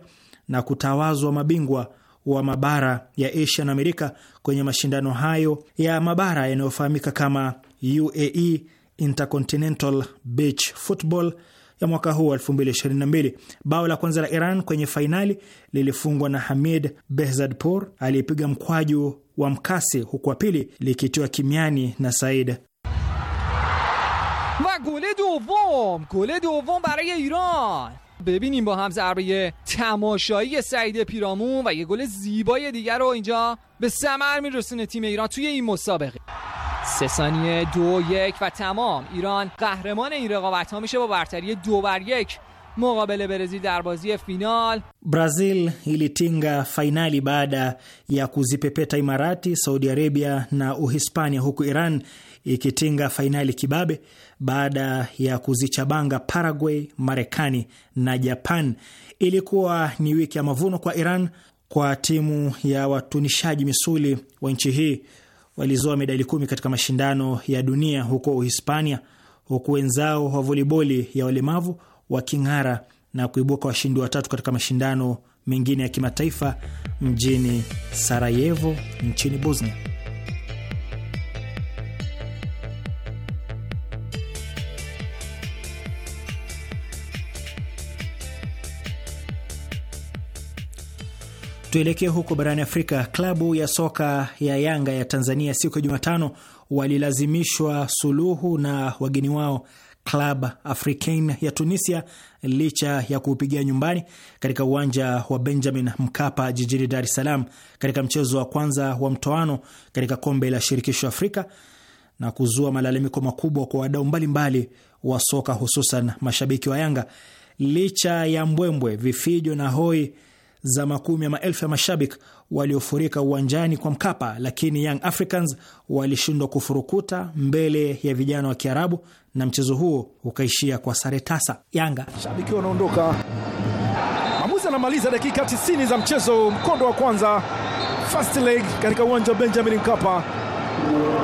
na kutawazwa mabingwa wa mabara ya Asia na Amerika kwenye mashindano hayo ya mabara yanayofahamika kama UAE Intercontinental Beach Football ya mwaka huu 2022. Bao la kwanza la Iran kwenye fainali lilifungwa na Hamid Behzadpour aliyepiga mkwaju wa mkasi, huku wa pili likitiwa kimiani na Said gole dovom gole dovom baraye Iran ببینیم با هم ضربه تماشایی سعید پیرامون و یه گل زیبای دیگر رو اینجا به سمر میرسونه تیم ایران توی این مسابقه سه ثانیه دو یک و تمام ایران قهرمان این رقابت ها میشه با برتری دو بر یک مقابل برزیل در بازی فینال. برزیل ilitinga فینالی baada ya kuzipepeta Imarati, Saudi Arabia na Uhispania, huku Iran ikitinga فینالی kibabe baada ya kuzichabanga Paraguay, Marekani na Japan. Ilikuwa ni wiki ya mavuno kwa Iran, kwa timu ya watunishaji misuli wa nchi hii walizoa medali kumi katika mashindano ya dunia huko Uhispania, huku wenzao wa voliboli ya walemavu waking'ara na kuibuka washindi watatu katika mashindano mengine ya kimataifa mjini Sarajevo nchini Bosnia. Tuelekee huko barani Afrika. Klabu ya soka ya Yanga ya Tanzania siku ya Jumatano walilazimishwa suluhu na wageni wao Club Africain ya Tunisia licha ya kuupigia nyumbani katika uwanja wa Benjamin Mkapa jijini Dar es Salaam katika mchezo wa kwanza wa mtoano katika kombe la shirikisho Afrika na kuzua malalamiko makubwa kwa wadau mbalimbali wa soka hususan mashabiki wa Yanga. Licha ya mbwembwe, vifijo na hoi za makumi ya maelfu ya mashabiki waliofurika uwanjani kwa Mkapa, lakini Young Africans walishindwa kufurukuta mbele ya vijana wa Kiarabu na mchezo huo ukaishia kwa sare tasa. Yanga shabiki wanaondoka. Mamuzi anamaliza dakika 90 za mchezo, mkondo wa kwanza first leg katika uwanja wa Benjamin Mkapa.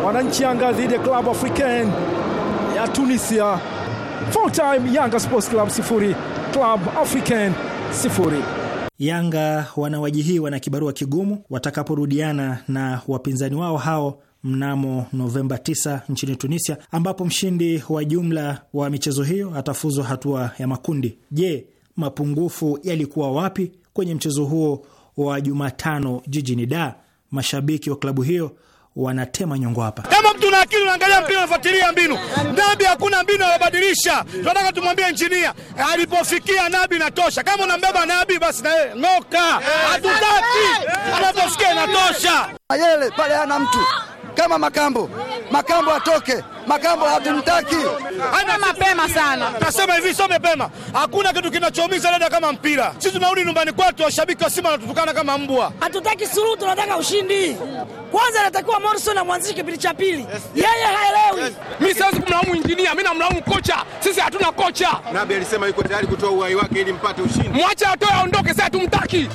Wananchi Yanga dhidi ya Club African ya Tunisia. Full time Yanga Sports Club sifuri, Club African sifuri. Yanga wanawajihiwa na kibarua kigumu watakaporudiana na wapinzani wao hao mnamo Novemba 9 nchini Tunisia, ambapo mshindi wa jumla wa michezo hiyo atafuzwa hatua ya makundi. Je, mapungufu yalikuwa wapi kwenye mchezo huo wa Jumatano jijini Dar? Mashabiki wa klabu hiyo wanatema nyongo hapa. Kama mtu na akili unaangalia mpira unafuatilia mbinu, Nabi hakuna mbinu alobadilisha. Tunataka tumwambie injinia alipofikia Nabi tosha Kama unambeba Nabi basi na yeye ng'oka, hatutaki anapofikia inatosha. Mayele pale ana mtu kama Makambo. Makambo atoke, Makambo hatumtaki. Hata mapema sana tasema hivi, sio mapema. Hakuna kitu kinachoumiza dada kama mpira. Sisi tunarudi nyumbani kwetu, washabiki wa Simba wanatutukana kama mbwa. Hatutaki suluhu, tunataka ushindi. Kwanza anatakiwa Morrison amwanzishe kipindi cha pili, yeye haelewi. Mimi siwezi kumlaumu injinia, mimi namlaumu kocha. Sisi hatuna kocha. Nabi alisema yuko tayari kutoa uhai wake ili mpate ushindi. Mwache atoe, aondoke, sasa tumtaki.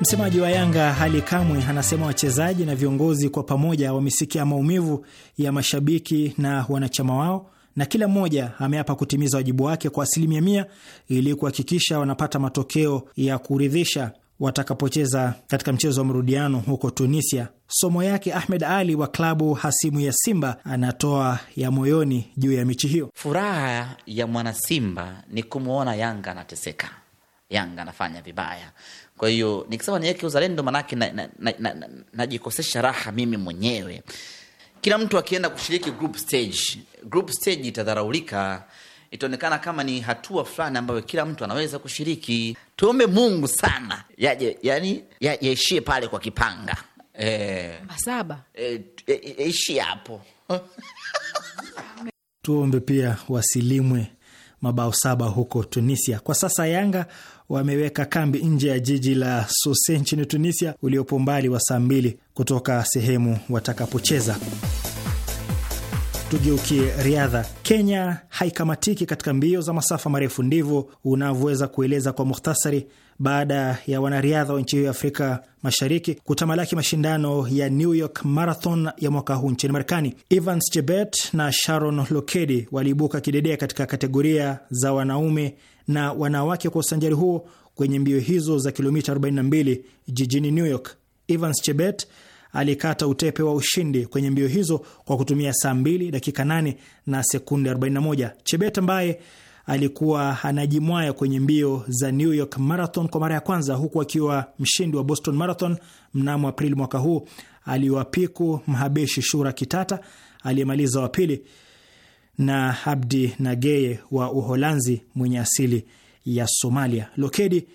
Msemaji wa Yanga Ali Kamwe anasema wachezaji na viongozi kwa pamoja wamesikia maumivu ya mashabiki na wanachama wao na kila mmoja ameapa kutimiza wajibu wake kwa asilimia mia ili kuhakikisha wanapata matokeo ya kuridhisha watakapocheza katika mchezo wa marudiano huko Tunisia. Somo yake Ahmed Ali wa klabu hasimu ya Simba anatoa ya moyoni juu ya michi hiyo. Furaha ya mwanasimba ni kumwona Yanga anateseka, Yanga anafanya vibaya, kwa hiyo nikisema niweke uzalendo, manake najikosesha na, na, na, na na raha mimi mwenyewe. Kila mtu akienda kushiriki group stage, group stage itadharaulika, itaonekana kama ni hatua fulani ambayo kila mtu anaweza kushiriki. Tuombe Mungu sana yaje, yani yaishie ya pale kwa kipanga e, masaba eh, yaishie hapo tuombe pia wasilimwe mabao saba huko Tunisia. Kwa sasa Yanga wameweka kambi nje ya jiji la Sousse nchini Tunisia, uliopo mbali wa saa mbili kutoka sehemu watakapocheza. Tugeukie riadha. Kenya haikamatiki katika mbio za masafa marefu, ndivyo unavyoweza kueleza kwa muhtasari, baada ya wanariadha wa nchi hiyo ya Afrika Mashariki kutamalaki mashindano ya New York Marathon ya mwaka huu nchini Marekani. Evans Chebet na Sharon Lokedi waliibuka kidedea katika kategoria za wanaume na wanawake kwa usanjari huo kwenye mbio hizo za kilomita 42 jijini New York. Evans Chebet alikata utepe wa ushindi kwenye mbio hizo kwa kutumia saa 2 dakika 8 na sekunde 41. Chebet ambaye alikuwa anajimwaya kwenye mbio za New York Marathon kwa mara ya kwanza, huku akiwa mshindi wa Boston Marathon mnamo Aprili mwaka huu, aliwapiku mhabeshi Shura Kitata aliyemaliza wa pili na Habdi Nageye wa Uholanzi mwenye asili ya Somalia. Lokedi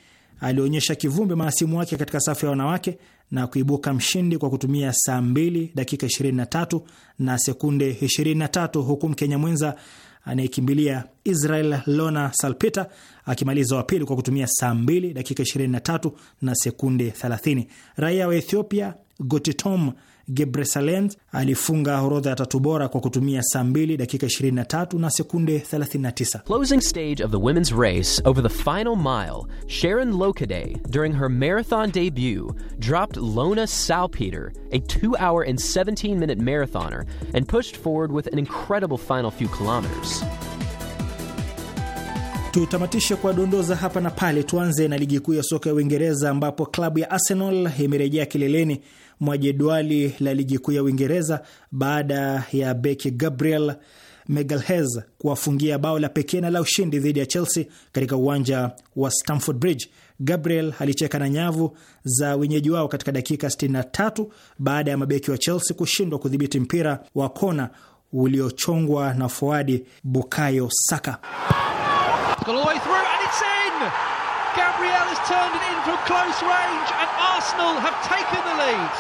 alionyesha kivumbi mahasimu wake katika safu ya wanawake na kuibuka mshindi kwa kutumia saa 2 dakika 23 na sekunde 23, huku Mkenya mwenza anayekimbilia Israel Lona Salpeter akimaliza wa pili kwa kutumia saa 2 dakika 23 na sekunde 30. Raia wa Ethiopia Gotitom Gebresalens alifunga orodha ya tatu bora kwa kutumia saa 2 dakika 23 na sekunde 39. Closing stage of the women's race over the final mile, Sharon Lokade during her marathon debut dropped Lona Salpeter, a 2 hour and 17 minute marathoner and pushed forward with an incredible final few kilometers. Tutamatishe kwa dondoza hapa na pale. Tuanze na ligi kuu ya soka ya Uingereza ambapo klabu ya Arsenal imerejea kileleni mwa jedwali la ligi kuu ya Uingereza baada ya beki Gabriel Magalhaes kuwafungia bao la pekee na la ushindi dhidi ya Chelsea katika uwanja wa Stamford Bridge. Gabriel alicheka na nyavu za wenyeji wao katika dakika 63 baada ya mabeki wa Chelsea kushindwa kudhibiti mpira wa kona uliochongwa na foadi Bukayo Saka. Gabriel has turned it in from close range and Arsenal have taken the lead.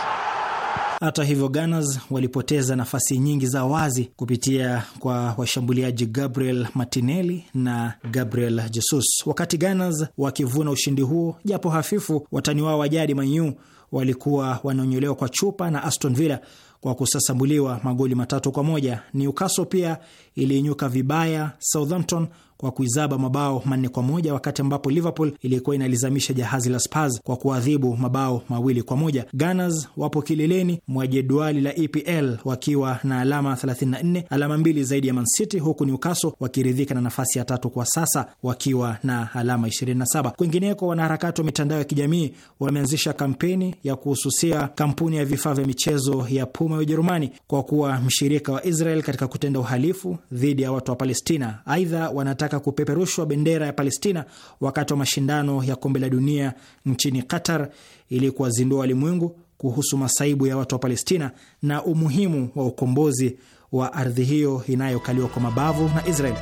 Hata hivyo Gunners walipoteza nafasi nyingi za wazi kupitia kwa washambuliaji Gabriel Martinelli na Gabriel Jesus. Wakati Gunners wakivuna ushindi huo japo hafifu, watani wao wa jadi Manyu walikuwa wanaonyolewa kwa chupa na Aston Villa kwa kusasambuliwa magoli matatu kwa moja. Newcastle pia iliinyuka vibaya Southampton kwa kuizaba mabao manne kwa moja wakati ambapo Liverpool ilikuwa inalizamisha jahazi la Spurs kwa kuadhibu mabao mawili kwa moja. Gunners wapo kileleni mwa jedwali la EPL wakiwa na alama 34, alama mbili zaidi ya Man City, huku Newcastle wakiridhika na nafasi ya tatu kwa sasa wakiwa na alama 27. Kwingineko, wanaharakati wa mitandao ya kijamii wameanzisha kampeni ya kuhususia kampuni ya vifaa vya michezo ya Puma ya Ujerumani kwa kuwa mshirika wa Israel katika kutenda uhalifu dhidi ya watu wa Palestina. Aidha wanataka kutaka kupeperushwa bendera ya Palestina wakati wa mashindano ya kombe la dunia nchini Qatar ili kuwazindua walimwengu kuhusu masaibu ya watu wa Palestina na umuhimu wa ukombozi wa ardhi hiyo inayokaliwa kwa mabavu na israel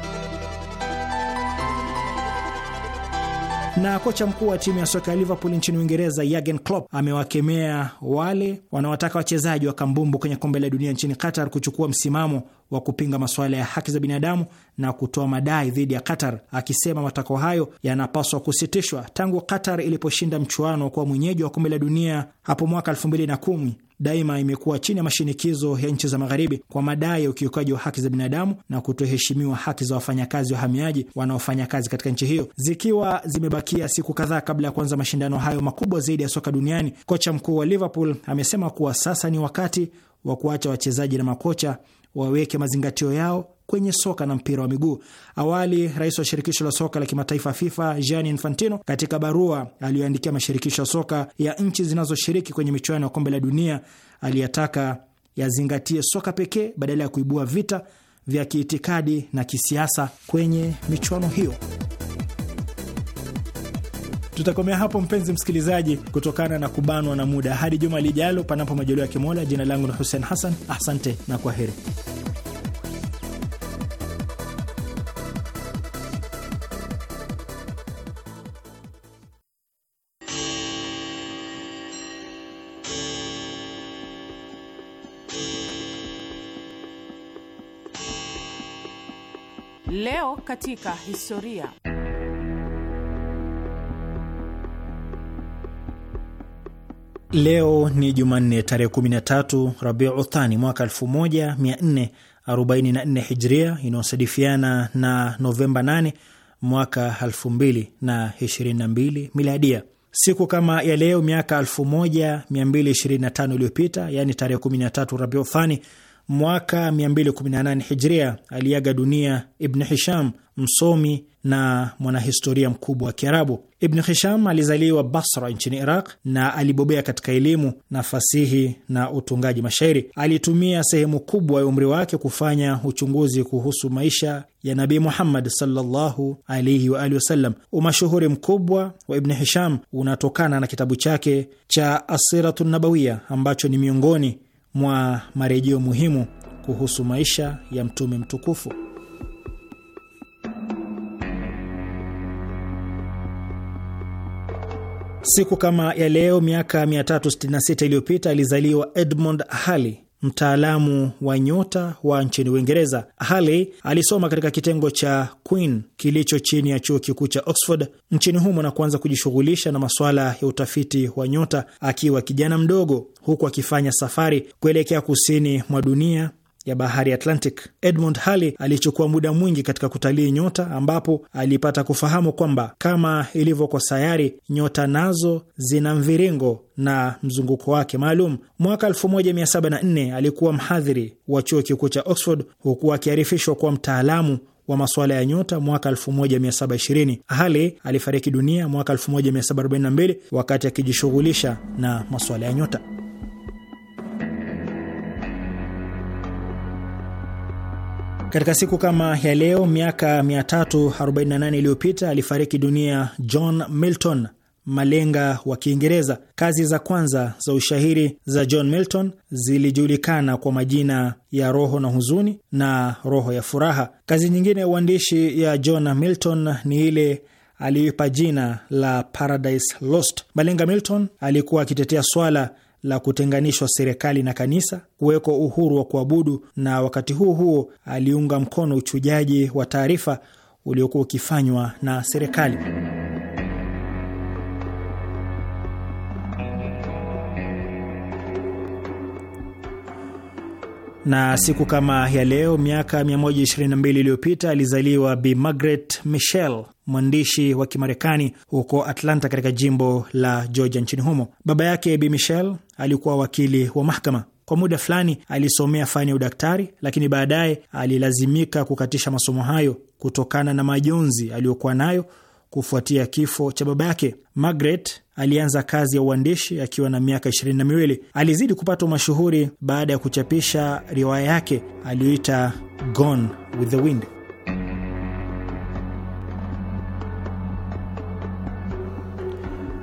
na kocha mkuu wa timu ya soka ya Liverpool nchini Uingereza Jurgen Klopp amewakemea wale wanaotaka wachezaji wa kambumbu kwenye kombe la dunia nchini Qatar kuchukua msimamo wa kupinga masuala ya haki za binadamu na kutoa madai dhidi ya Qatar, akisema matakwa hayo yanapaswa kusitishwa. Tangu Qatar iliposhinda mchuano kwa mwenyeji wa kombe la dunia hapo mwaka 2010 daima imekuwa chini ya mashinikizo ya nchi za Magharibi kwa madai ya ukiukaji wa haki za binadamu na kutoheshimiwa haki za wafanyakazi wahamiaji wanaofanya kazi katika nchi hiyo. Zikiwa zimebakia siku kadhaa kabla ya kuanza mashindano hayo makubwa zaidi ya soka duniani, kocha mkuu wa Liverpool amesema kuwa sasa ni wakati wa kuacha wachezaji na makocha waweke mazingatio yao kwenye soka na mpira wa miguu. Awali, rais wa shirikisho la soka la kimataifa FIFA Gianni Infantino, katika barua aliyoandikia mashirikisho ya soka ya nchi zinazoshiriki kwenye michuano ya kombe la dunia, aliyataka yazingatie soka pekee badala ya kuibua vita vya kiitikadi na kisiasa kwenye michuano hiyo. Tutakomea hapo mpenzi msikilizaji, kutokana na kubanwa na muda. Hadi juma lijalo, panapo majaliwa ya Kimola. Jina langu ni Hussein Hassan, asante na kwa heri. Leo katika historia Leo ni Jumanne tarehe 13 Rabiu Thani mwaka 1444 Hijria, inayosadifiana na Novemba 8 mwaka 2022 Miladia. Siku kama ya leo miaka 1225 iliyopita, yaani tarehe 13 Rabiu Thani mwaka 218 hijria aliaga dunia Ibn Hisham, msomi na mwanahistoria mkubwa wa Kiarabu. Ibn Hisham alizaliwa Basra nchini Iraq na alibobea katika elimu na fasihi na utungaji mashairi. Alitumia sehemu kubwa ya umri wake kufanya uchunguzi kuhusu maisha ya Nabii Muhammad sallallahu alaihi wa alihi wasallam. Umashuhuri mkubwa wa Ibn Hisham unatokana na kitabu chake cha Asiratu Nabawiya ambacho ni miongoni mwa marejeo muhimu kuhusu maisha ya mtume mtukufu. Siku kama ya leo miaka 366 iliyopita alizaliwa Edmund Halley, mtaalamu wa nyota wa nchini Uingereza. Halley alisoma katika kitengo cha Queen kilicho chini ya chuo kikuu cha Oxford nchini humo na kuanza kujishughulisha na masuala ya utafiti wa nyota akiwa kijana mdogo, huku akifanya safari kuelekea kusini mwa dunia ya bahari Atlantic. Edmund Halley alichukua muda mwingi katika kutalii nyota, ambapo alipata kufahamu kwamba kama ilivyo kwa sayari, nyota nazo zina mviringo na mzunguko wake maalum. Mwaka 1704 alikuwa mhadhiri wa chuo kikuu cha Oxford, huku akiarifishwa kuwa mtaalamu wa masuala ya nyota mwaka 1720. Halley alifariki dunia mwaka 1742 wakati akijishughulisha na masuala ya nyota. Katika siku kama ya leo miaka 348 iliyopita alifariki dunia John Milton, malenga wa Kiingereza. Kazi za kwanza za ushairi za John Milton zilijulikana kwa majina ya Roho na Huzuni na Roho ya Furaha. Kazi nyingine ya uandishi ya John Milton ni ile aliyoipa jina la Paradise Lost. Malenga Milton alikuwa akitetea swala la kutenganishwa serikali na kanisa, kuwekwa uhuru wa kuabudu, na wakati huo huo aliunga mkono uchujaji wa taarifa uliokuwa ukifanywa na serikali. na siku kama ya leo miaka 122 iliyopita alizaliwa Bi Margaret michel mwandishi wa Kimarekani huko Atlanta katika jimbo la Georgia nchini humo. Baba yake Bi michel alikuwa wakili wa mahakama. Kwa muda fulani alisomea fani ya udaktari, lakini baadaye alilazimika kukatisha masomo hayo kutokana na majonzi aliyokuwa nayo kufuatia kifo cha baba yake. Margaret alianza kazi ya uandishi akiwa na miaka ishirini na miwili. Alizidi kupata mashuhuri baada ya kuchapisha riwaya yake aliyoita Gone with the Wind.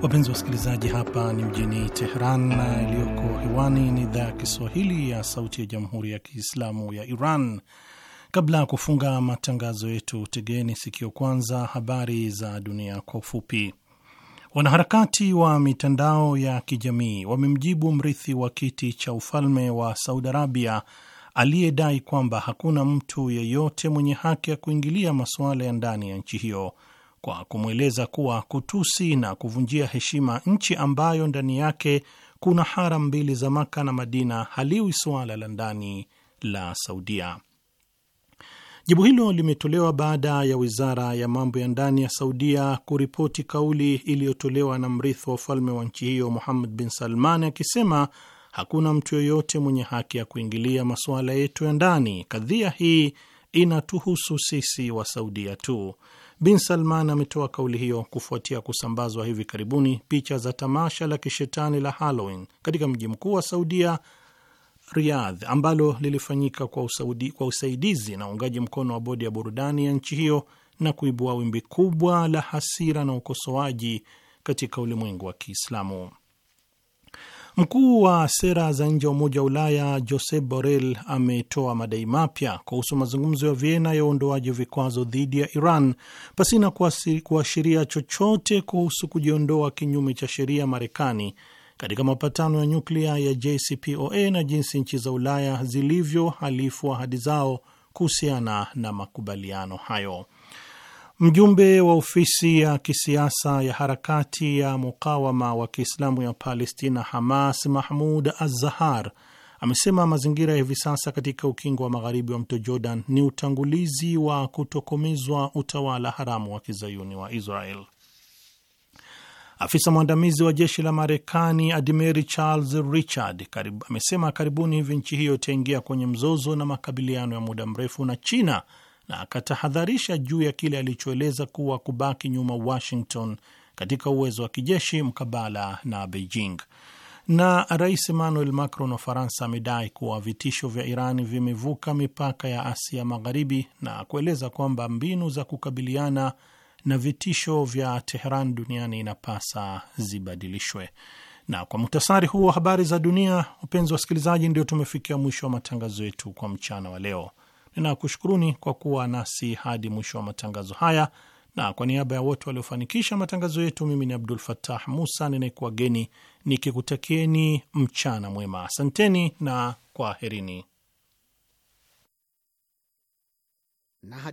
Wapenzi wasikilizaji, hapa ni mjini Teheran na iliyoko hewani ni idhaa ya Kiswahili ya Sauti ya Jamhuri ya Kiislamu ya Iran. Kabla ya kufunga matangazo yetu, tegeni sikio kwanza habari za dunia kwa ufupi. Wanaharakati wa mitandao ya kijamii wamemjibu mrithi wa kiti cha ufalme wa Saudi Arabia aliyedai kwamba hakuna mtu yeyote mwenye haki ya kuingilia masuala ya ndani ya nchi hiyo kwa kumweleza kuwa kutusi na kuvunjia heshima nchi ambayo ndani yake kuna haram mbili za Maka na Madina haliwi suala la ndani la Saudia. Jibu hilo limetolewa baada ya wizara ya mambo ya ndani ya Saudia kuripoti kauli iliyotolewa na mrithi wa ufalme wa nchi hiyo Muhammad bin Salman akisema hakuna mtu yoyote mwenye haki ya kuingilia masuala yetu ya ndani, kadhia hii inatuhusu sisi wa Saudia tu. Bin Salman ametoa kauli hiyo kufuatia kusambazwa hivi karibuni picha za tamasha la kishetani la Halloween katika mji mkuu wa Saudia Riyadh ambalo lilifanyika kwa, usaudi, kwa usaidizi na uungaji mkono wa bodi ya burudani ya nchi hiyo na kuibua wimbi kubwa la hasira na ukosoaji katika ulimwengu wa Kiislamu. Mkuu wa sera za nje wa Umoja wa Ulaya Josep Borrell ametoa madai mapya kuhusu mazungumzo ya Vienna ya uondoaji vikwazo dhidi ya Iran pasina kuashiria chochote kuhusu kujiondoa kinyume cha sheria Marekani katika mapatano ya nyuklia ya JCPOA na jinsi nchi za Ulaya zilivyohalifu ahadi zao kuhusiana na makubaliano hayo. Mjumbe wa ofisi ya kisiasa ya harakati ya mukawama wa Kiislamu ya Palestina, Hamas, Mahmud Azzahar amesema mazingira ya hivi sasa katika ukingo wa magharibi wa mto Jordan ni utangulizi wa kutokomezwa utawala haramu wa kizayuni wa Israel. Afisa mwandamizi wa jeshi la Marekani Admiri Charles Richard karib, amesema karibuni hivi nchi hiyo itaingia kwenye mzozo na makabiliano ya muda mrefu na China na akatahadharisha juu ya kile alichoeleza kuwa kubaki nyuma Washington katika uwezo wa kijeshi mkabala na Beijing. Na Rais Emmanuel Macron wa Faransa amedai kuwa vitisho vya Iran vimevuka mipaka ya Asia Magharibi na kueleza kwamba mbinu za kukabiliana na vitisho vya Teheran duniani inapasa zibadilishwe. Na kwa muhtasari huo habari za dunia, wapenzi wa wasikilizaji, ndio tumefikia mwisho wa matangazo yetu kwa mchana wa leo. Ninakushukuruni kwa kuwa nasi hadi mwisho wa matangazo haya, na kwa niaba ya wote waliofanikisha matangazo yetu, mimi ni Abdul fatah Musa geni nikikutakieni mchana mwema. Asanteni na kwaherini na